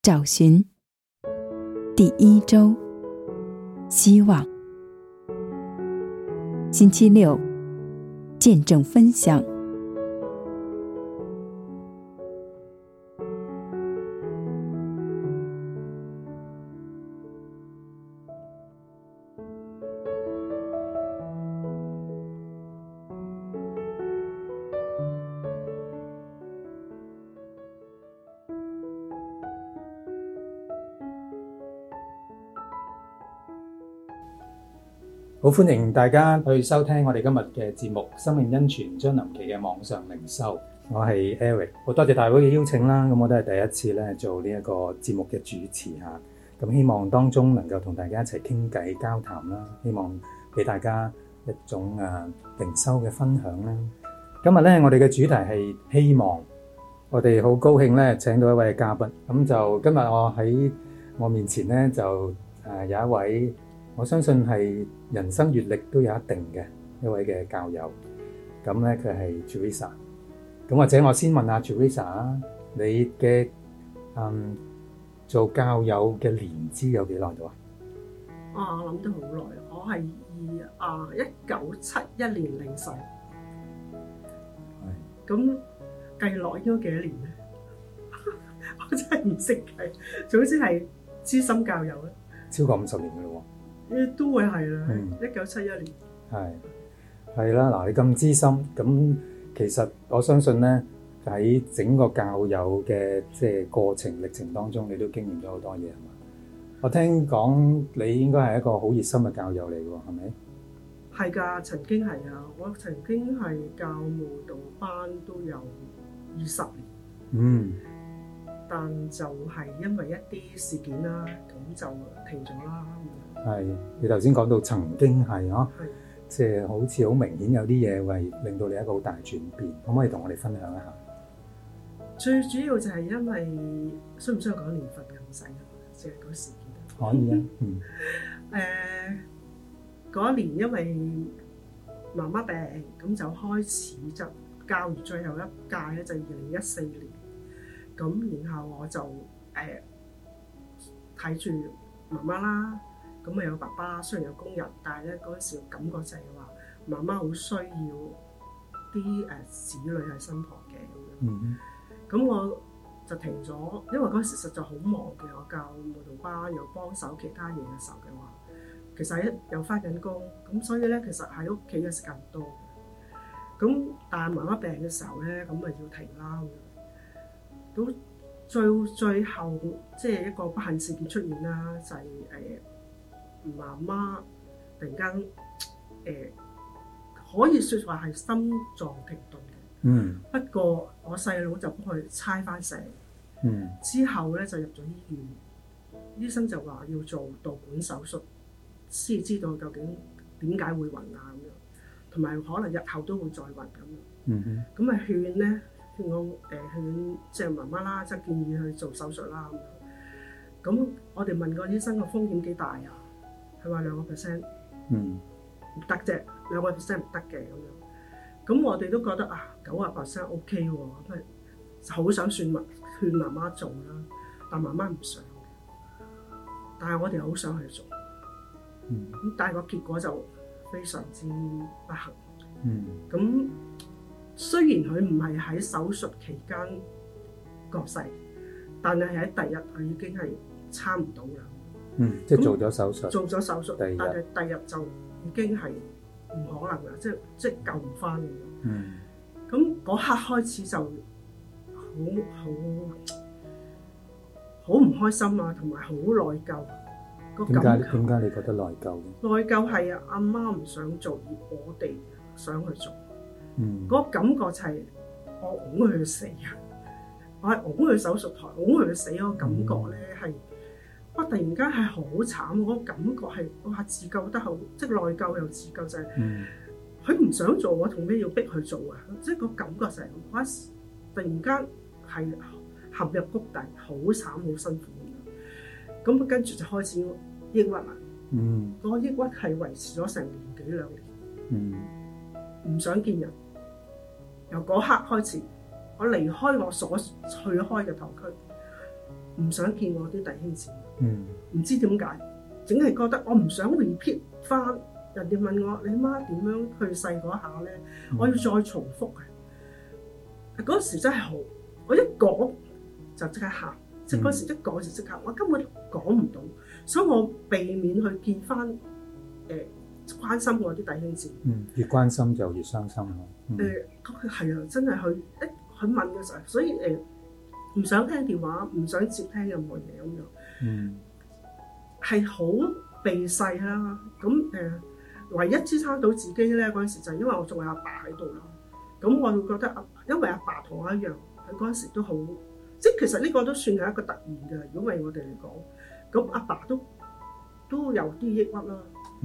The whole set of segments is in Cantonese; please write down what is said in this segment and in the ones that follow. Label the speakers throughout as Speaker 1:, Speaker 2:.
Speaker 1: 找尋第一週希望，
Speaker 2: 星期六見證分享。
Speaker 3: 好歡迎大家去收聽我哋今日嘅節目《生命恩泉將臨期嘅網上靈修》，我係 Eric，好多謝大會嘅邀請啦。咁我都係第一次咧做呢一個節目嘅主持吓，咁希望當中能夠同大家一齊傾偈交談啦，希望俾大家一種啊靈修嘅分享啦。今日咧我哋嘅主題係希望，我哋好高興咧請到一位嘉賓，咁就今日我喺我面前咧就誒有一位。我相信係人生閲歷都有一定嘅一位嘅教友。咁咧，佢係 Teresa。咁或者我先問下 Teresa 啊，你嘅嗯做教友嘅年資有幾耐到啊？
Speaker 2: 啊，我諗得好耐，我係二啊一九七一年領洗。係。咁計落應該幾多年咧？我真係唔識計。總之係資深教友咧。
Speaker 3: 超過五十年噶咯喎。
Speaker 2: 誒都會係啦，一九七一年。
Speaker 3: 係係啦，嗱，你咁資深，咁其實我相信咧，喺整個教友嘅即係過程歷程當中，你都經驗咗好多嘢啊嘛。我聽講你應該係一個好熱心嘅教友嚟喎，係咪？
Speaker 2: 係噶，曾經係啊，我曾經係教慕道班都有二十年。嗯，但就係因為一啲事件啦，咁就停咗啦。
Speaker 3: 係，你頭先講到曾經係嗬，即係是的 好似好明顯有啲嘢係令到你一個好大嘅轉變，可唔可以同我哋分享一下？
Speaker 2: 最主要就係因為需唔需要講年份咁細？即係嗰時記得。
Speaker 1: 可以啊，
Speaker 3: 嗯。
Speaker 2: 誒，嗰一年因為媽媽病，咁就開始就教完最後一屆咧，就係二零一四年。咁然後我就誒睇住媽媽啦。咁啊，有爸爸雖然有工人，但係咧，嗰陣時感覺就係話媽媽好需要啲誒、啊、子女喺身旁嘅咁樣。咁、mm hmm. 我就停咗，因為嗰陣時實在好忙嘅。我教慕道班又幫手其他嘢嘅時候嘅話，其實一又翻緊工咁，所以咧其實喺屋企嘅時間唔多。咁但係媽媽病嘅時候咧，咁咪要停啦。到最最後，即係一個不幸事件出現啦，就係、是、誒。欸媽媽突然間誒、呃，可以說話係心臟停頓嘅。嗯、mm。Hmm. 不過我細佬就幫佢搓返醒。嗯、mm。Hmm. 之後咧就入咗醫院，醫生就話要做導管手術，先知道究竟點解會暈啊咁樣，同埋可能日後都會再暈咁樣。嗯哼、
Speaker 1: mm。
Speaker 2: 咁啊勸咧，我誒勸即係媽媽啦，即係、啊就是、建議去做手術啦咁樣。咁我哋問過醫生個風險幾大啊？佢話兩個 percent，唔得啫，兩個 percent 唔得嘅咁樣。咁我哋都覺得啊，九十八 percent OK 喎、哦，咁係好想算勸媽媽做啦，但媽媽唔想。但係我哋好想去做，
Speaker 1: 咁、
Speaker 2: 嗯、但係個結果就非常之不幸。咁、嗯、雖然佢唔係喺手術期間過世，但係喺第一日，佢已經係差唔到啦。
Speaker 3: 嗯，即係做咗手術，做咗手術，但係
Speaker 2: 第日就已經係唔可能啦，即係即係救唔翻嚟。嗯，咁嗰刻開始就好好好唔開心啊，同埋好內疚。點解？
Speaker 3: 點解你覺得內疚嘅？
Speaker 2: 內疚係啊，阿媽唔想做，而我哋想去做。嗯，嗰個感覺就係我㧬佢去死啊！我係㧬佢手術台，㧬佢去死，嗰個感覺咧係哇！我突然間係好慘，我感覺係哇，我自疚得好，即係內疚又自疚，就係，佢唔想做，我做咩要逼佢做啊？即係個感覺就係、咁、我突然間係陷入谷底，好慘，好辛苦咁。跟住就開始抑鬱啊。嗯。個抑鬱係維持咗成年幾兩年。嗯。唔想見人。由嗰刻開始，我離開我所去開嘅堂區。唔想見我啲弟兄姊
Speaker 1: 妹，
Speaker 2: 唔、嗯、知點解，淨係覺得我唔想 repeat 翻。人哋問我：你媽點樣去世嗰下咧？我要再重複嘅。嗰、嗯、時真係好，我一講就、嗯、即刻喊。即嗰時一講就即刻。我根本講唔到，所以我避免去見翻誒關心我啲弟兄姊
Speaker 3: 妹。嗯，越關心就越傷心咯。誒、嗯，
Speaker 2: 咁係、呃、啊，真係去一佢問嘅時候，所以誒。呃唔想聽電話，唔想接聽任何嘢咁樣，係好、嗯、避世啦。咁誒，唯一支撐到自己咧嗰陣時，就係因為我仲有阿爸喺度啦。咁我會覺得阿，因為阿爸同我一樣，佢嗰陣時都好，即係其實呢個都算係一個突然嘅。如果為我哋嚟講，咁阿爸，爸都都有啲抑鬱啦，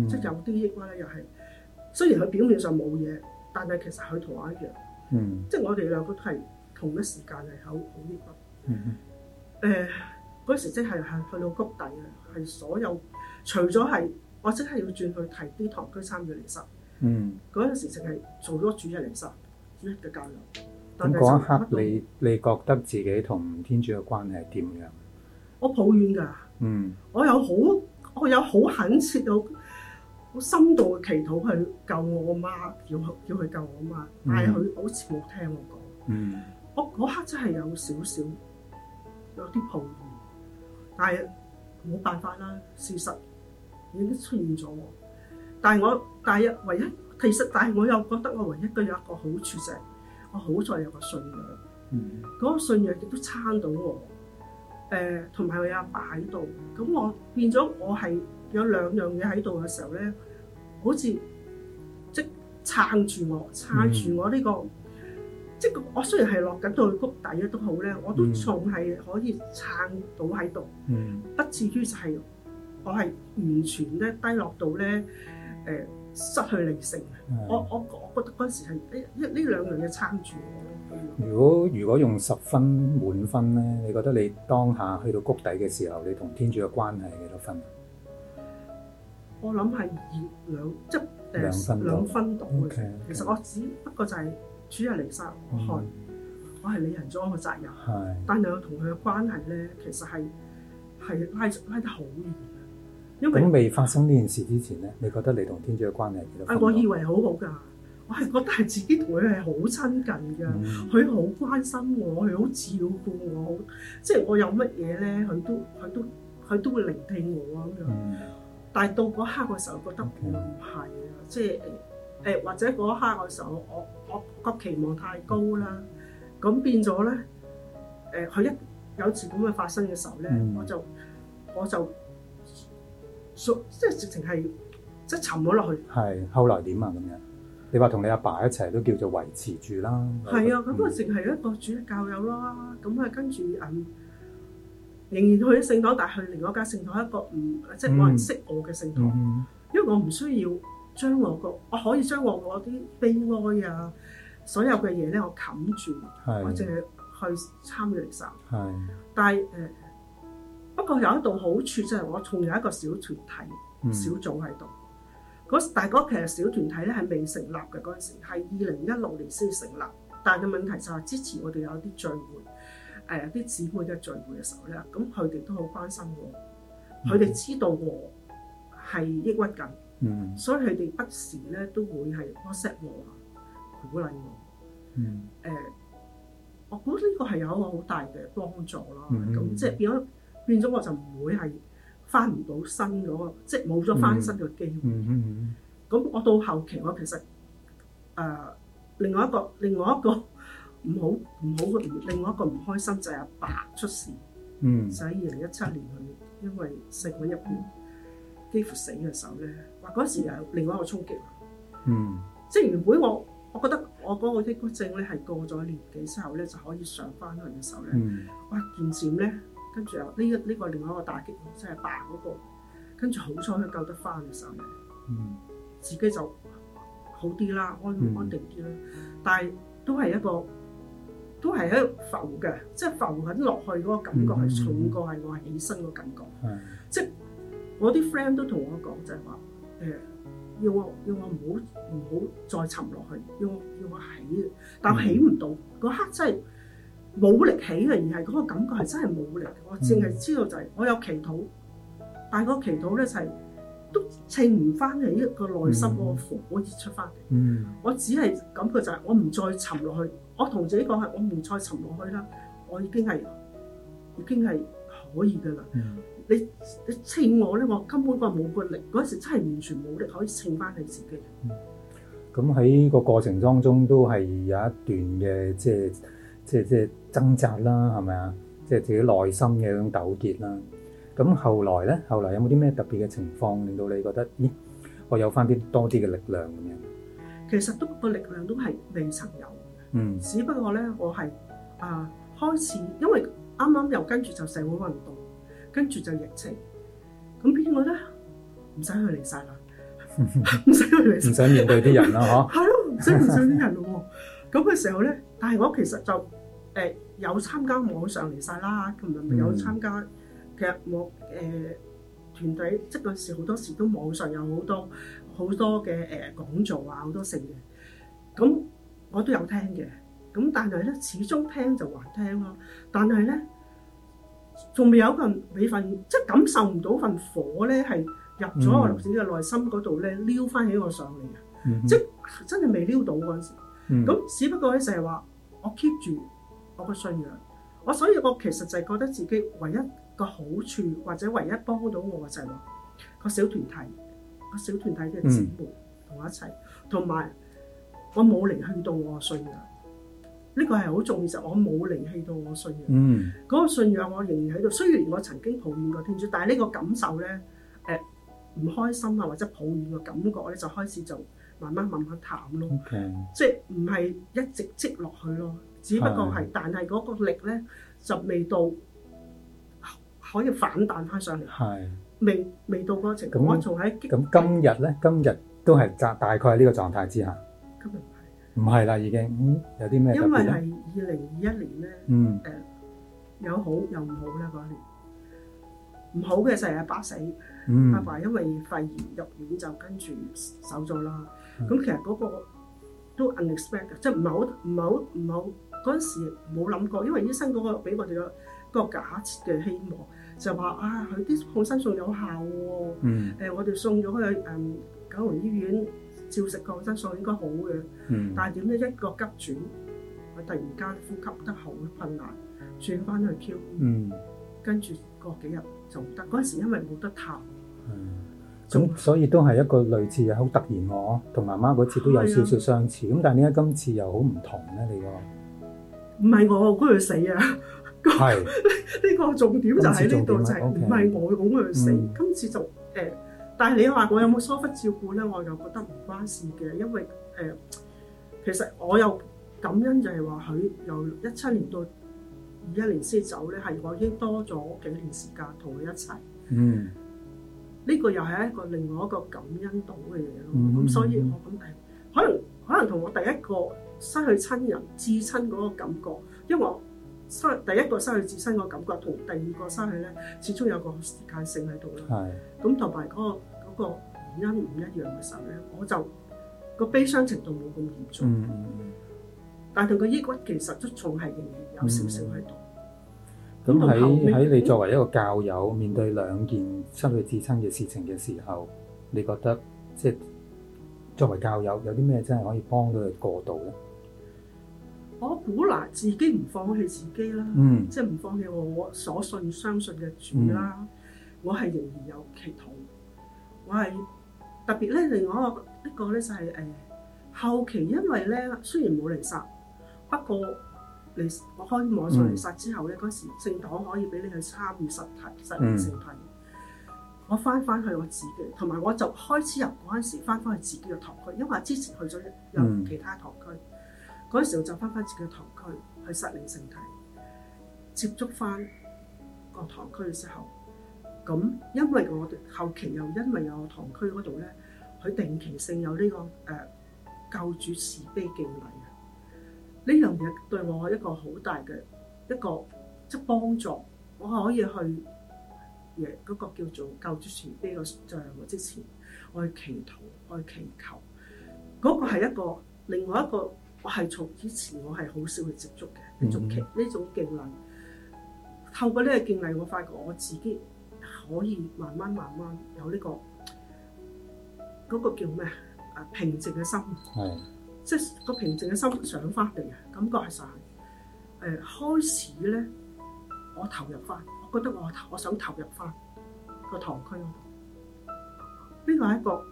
Speaker 2: 即係、嗯、有啲抑鬱咧，又係雖然佢表面上冇嘢，但係其實佢同我一樣，嗯、即係我哋兩個都係同一時間係好好抑鬱。誒，嗰陣、mm hmm. 呃、時即係係去到谷底啊，係所有除咗係我即係要轉去提啲堂區參與彌撒。嗯、mm，嗰、hmm. 陣時淨係做咗主日彌撒，主日嘅教友。但嗰
Speaker 3: 刻你，你你覺得自己同天主嘅關係係點樣？
Speaker 2: 我抱怨㗎，嗯、mm hmm.，我有好我有好懇切，到，好深度嘅祈禱去救我媽，要要佢救我阿媽，但係佢好似冇聽我講，嗯、
Speaker 1: mm，hmm.
Speaker 2: 我嗰刻真係有少少。有啲抱怨，但係冇辦法啦。事實已經出現咗，但係我但係唯一，其實但係我又覺得我唯一嘅有一個好處就係、是、我好在有個信仰，嗰、
Speaker 1: 嗯、
Speaker 2: 個信仰亦都撐到我。誒、呃，同埋我阿爸喺度，咁我變咗我係有兩樣嘢喺度嘅時候咧，好似即撐住我，撐住我呢、這個。嗯即係我雖然係落緊到谷底啊，都好咧，我都仲係可以撐到喺度，不至於就係我係完全咧低落到咧誒，失去理性。我我我覺得嗰陣時係呢呢兩樣嘢撐住我咯。
Speaker 3: 如果如果用十分滿分咧，你覺得你當下去到谷底嘅時候，你同天主嘅關係係幾多分？
Speaker 2: 我諗係二兩，即係兩兩分到嘅。其實我只不過就係。主、mm hmm. 日彌撒，我係履行咗我嘅責任，是但係我同佢嘅關係咧，其實係係拉拉得好遠。因為未
Speaker 3: 發生呢件事之前咧，你覺得你同天主嘅關係係幾多分？
Speaker 2: 我以為好好㗎，我係覺得係自己同佢係好親近㗎，佢好、mm hmm. 關心我，佢好照顧我，即係我有乜嘢咧，佢都佢都佢都，都會聆聽我咁樣。Mm hmm. 但係到嗰刻嘅時候，覺得唔係啊，mm hmm. 即係誒或者嗰一刻嘅時候，我我個期望太高啦，咁變咗咧，誒佢一有事咁嘅發生嘅時候咧，我就我就所即係直情係即係沉咗落去。
Speaker 3: 係後來點啊？咁樣你話同你阿爸一齊都叫做維持住啦。係啊，
Speaker 2: 咁啊，淨係一個主日教友啦，咁啊，跟住嗯，仍然去咗聖堂，但係去另一間聖堂，一個唔即係冇人識我嘅聖堂，因為我唔需要。將我個我可以將我個啲悲哀啊，所有嘅嘢咧，我冚住，或者係去參與彌撒。
Speaker 1: 是
Speaker 2: 但係誒、呃，不過有一度好處就係、是、我仲有一個小團體、小組喺度。嗰但嗰其實小團體咧係未成立嘅嗰陣時，係二零一六年先成立。但係問題就係之前我哋有啲聚會，誒啲姊妹嘅聚會嘅時候咧，咁佢哋都好關心我，
Speaker 1: 佢哋、嗯、知
Speaker 2: 道我係抑鬱緊。Mm hmm. 所以佢哋不時咧都會係 WhatsApp 我，鼓勵我。誒、mm，hmm. uh, 我估呢個係有一個好大嘅幫助咯。咁、mm hmm. 即係變咗，變咗我就唔會係翻唔到身嗰個，mm hmm. 即係冇咗翻身嘅機會。咁、mm hmm. 我到後期我其實誒另外一個另外一個唔好唔好嘅，另外一個唔開心就係阿爸出事。嗯、mm，喺二零一七年佢因為細菌入血，幾乎死嘅時候咧。嗱，嗰時又另外一個衝擊，嗯，即係原本我我覺得我嗰個抑鬱症咧係過咗年紀之後咧就可以上翻去嘅時候咧，嗯、哇！漸漸咧，跟住又呢一呢個另外一個打擊，即係爆嗰個，跟住好彩佢救得翻嘅時候咧，嗯，自己就好啲啦，安、嗯、安定啲啦，但係都係一個都係喺浮嘅，即、就、係、是、浮緊落去嗰個感覺係重過係我起身個感覺，係、嗯嗯嗯
Speaker 1: 嗯、
Speaker 2: 即係我啲 friend 都同我講，就係、是、話。誒，要我要我唔好唔好再沉落去，要我要我起，但我起唔到，嗰、嗯、刻真係冇力起嘅，而係嗰個感覺係真係冇力。嗯、我淨係知道就係我有祈禱，但係個祈禱咧係都稱唔翻起一個內心個火、嗯、可以出翻嚟。嗯、我只係感覺就係我唔再沉落去，我同自己講係我唔再沉落去啦，我已經係已經係可以噶啦。嗯你你撐我咧，我根本我冇個力，嗰時真係完全冇力可以撐返你自己。
Speaker 3: 咁喺、嗯、個過程當中都係有一段嘅，即係即係即係掙扎啦，係咪啊？即係自己內心嘅一種糾結啦。咁後來咧，後來有冇啲咩特別嘅情況令到你覺得咦？我有返啲多啲嘅力量咁
Speaker 2: 樣？其實都個力量都係未曾有，嗯，只不過咧，我係啊、呃、開始，因為啱啱又跟住就社會運動。跟住就疫情，咁邊個咧唔使去彌撒啦，唔使去嚟，唔
Speaker 3: 想面對啲人啦，
Speaker 2: 嗬？係咯，唔想面對啲人咯喎。咁嘅時候咧，但係我其實就誒有參加網上彌撒啦，同埋有參加其實我誒團隊，即係嗰時好多時都網上有好多好多嘅誒講座啊，好多性嘅，咁我都有聽嘅，咁但係咧始終聽就還聽咯，但係咧。仲未有一份，俾份即係感受唔到份火咧，係入咗我自己嘅內心嗰度咧，撩翻起我上嚟嘅，嗯、哼即係真係未撩到嗰陣時。咁、嗯、只不過咧就係話，我 keep 住我個信仰。我所以我其實就係覺得自己唯一個好處或者唯一幫到我嘅就係話，個小團體，個小團體嘅姊妹同我一齊，同埋我冇嚟去到我信仰，呢個係好重要，其實我冇離棄到我信仰。嗯，嗰個信仰我仍然喺度。雖然我曾經抱怨過天主，但係呢個感受咧，誒唔開心啊，或者抱怨嘅感覺咧，就開始就慢慢慢慢淡咯。即係唔係一直積落去咯？只不過係，但係嗰個力咧就未到可以反彈翻上嚟。係未未到嗰個程度，我仲喺激。咁
Speaker 3: 今日咧，今日都係大大概係呢個狀態之下。今日。唔係啦，已經、嗯、有啲咩？因為係
Speaker 2: 二零二一年咧，誒、嗯呃、有好又唔好啦嗰年，唔好嘅就係阿爸死，阿爸、嗯、因為肺炎入院就跟住走咗啦。咁、嗯、其實嗰個都 unexpected 嘅、嗯，即係唔係好唔係好唔好，嗰陣時冇諗過，因為醫生嗰個俾我哋、嗰個嗰個假設嘅希望就話啊，佢啲抗生素有效喎、啊嗯呃。我哋送咗去誒、um, 九龍醫院。照食抗生素應該好嘅，嗯、但係點解一個急轉，佢突然間呼吸得好困難，轉翻去 Q、嗯、跟住過幾日就唔得。嗰陣時因為冇得探，
Speaker 3: 咁、嗯就嗯、所以都係一個類似嘅。好突然喎，同媽媽嗰次都有少少相似。咁、啊、但係點解今次又好唔同咧？你話
Speaker 2: 唔係我嗰度死啊？
Speaker 3: 係
Speaker 2: 呢是 個重點就喺度，就係唔係我咁樣死？今次 okay, 就誒。但係你話我有冇疏忽照顧咧？我就覺得唔關事嘅，因為誒、呃，其實我又感恩就係話佢由一七年到二一年先走咧，係我已經多咗幾年時間同佢一齊。嗯，呢個又係一個另外一個感恩到嘅嘢咯。咁、嗯嗯、所以我覺得、嗯、可能可能同我第一個失去親人至親嗰個感覺，因為我失第一個失去至親嗰個感覺，同第二個失去咧，始終有個時間性喺度啦。係的。咁同埋嗰個。個原因唔一樣嘅時候咧，我就個悲傷程度冇咁嚴重，嗯、但係個抑鬱其實都仲係有少少喺度。咁喺，喺你
Speaker 3: 作為一個教友、嗯、面對兩件失去至親嘅事情嘅時候，你覺得即係、就是、作為教友有啲咩真係可以幫到你過渡咧？
Speaker 2: 我鼓勵自己唔放棄自己啦，嗯、即係唔放棄我所信相信嘅主啦，嗯、我係仍然有祈禱。我係特別咧，另外一個咧就係、是、誒、呃、後期，因為咧雖然冇彌撒，不過嚟我開網上彌撒之後咧，嗰、嗯、時聖堂可以俾你去參與實體實領聖體，嗯、我返返去我自己，同埋我就開始由嗰陣時返返去自己嘅堂區，因為我之前去咗由其他堂區嗰陣時候就返返自己嘅堂區去實領聖體，接觸返個堂區嘅時候。咁因為我哋後期又因為有堂區嗰度咧，佢定期性有呢、這個誒、呃、救主慈悲敬禮啊！呢樣嘢對我一個好大嘅一個即係幫助，我可以去嘢嗰、那個叫做救主慈悲個像之前，我去祈禱，我去祈求，嗰、那個係一個另外一個，我係從之前我係好少去接觸嘅呢種祈呢種敬禮。透過呢個敬禮，我發覺我自己。可以慢慢慢慢有呢、這個嗰、那個叫咩啊？平靜嘅心， 即係、那個平靜嘅心想翻嚟嘅感覺係曬。誒、呃、開始咧，我投入翻，我覺得我我想投入翻、那個堂區度。呢個係一個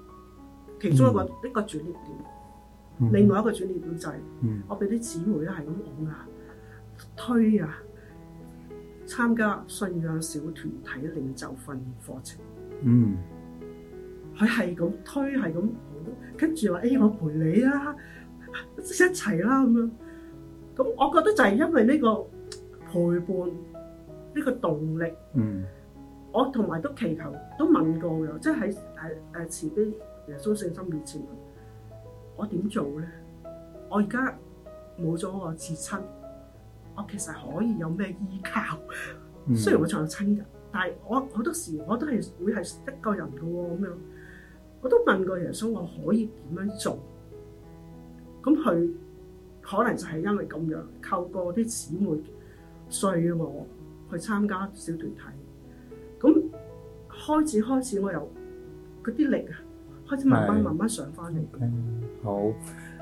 Speaker 2: 其中一個呢、嗯、個轉捩點。嗯、另外一個轉捩點就係、是嗯、我俾啲姊妹咧係咁講啊，推啊。參加信仰小團體領袖訓練課程，嗯，佢係咁推，係咁，跟住話：誒，我陪你啊，一齊啦，咁樣。咁我覺得就係因為呢個陪伴，呢個動力。嗯，我同埋都祈求，都問過嘅，即係喺誒誒慈悲耶穌聖心面前，我點做咧？我而家冇咗個至親。我其實可以有咩依靠？
Speaker 3: 雖然我仲
Speaker 2: 有親人，嗯、但係我好多時我都係會係一個人嘅咁、哦、樣。我都問過耶穌，我可以點樣做？咁佢可能就係因為咁樣，透過啲姊妹，所以我去參加小團體，咁開，開始開始我有嗰啲力啊，開始慢慢慢慢上翻嚟、嗯、
Speaker 3: 好，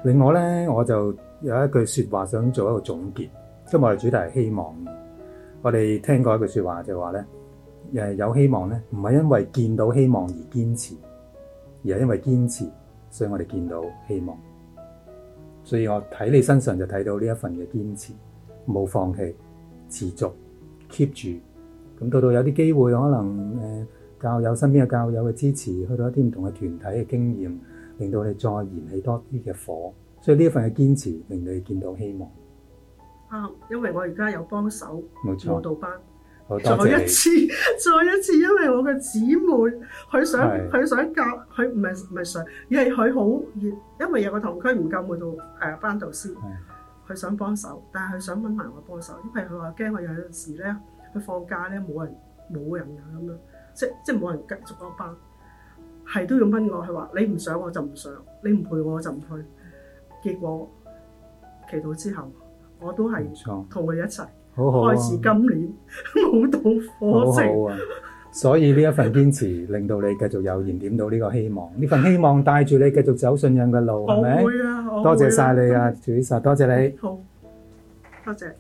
Speaker 3: 另外咧，我就有一句說話想做一個總結。今日我哋主題係希望。我哋聽過一句說話，就話咧，誒有希望咧，唔係因為見到希望而堅持，而係因為堅持，所以我哋見到希望。所以我睇你身上就睇到呢一份嘅堅持，冇放棄，持續 keep 住。咁到到有啲機會，可能誒教友身邊嘅教友嘅支持，去到一啲唔同嘅團體嘅經驗，令到你再燃起多啲嘅火。所以呢一份嘅堅持，令你見到希望。
Speaker 2: 啱，因為我而家有幫手慕道班
Speaker 3: 再，再一次
Speaker 2: 再一次，因為我嘅姊妹佢想，佢想教，佢唔係唔係想，而係佢好熱，因為有個堂區唔夠慕道誒班導師，佢想幫手，但係佢想揾埋我幫手，因為佢話驚我有時咧，佢放假咧，冇人冇人咁樣，即即冇人繼續嗰班，係都要揾我。佢話你唔想我就唔想，你唔陪我就唔去。結果祈禱之後。
Speaker 3: 我都係同佢一齊，好啊，
Speaker 2: 開始今年冇 到火
Speaker 3: 證、啊，所以呢一份堅持 令到你繼續有燃點到呢個希望，呢 份希望帶住你繼續走信任嘅路，係咪？啊！多謝晒你啊，Teresa，多謝你，好，多謝，你
Speaker 1: 好多謝。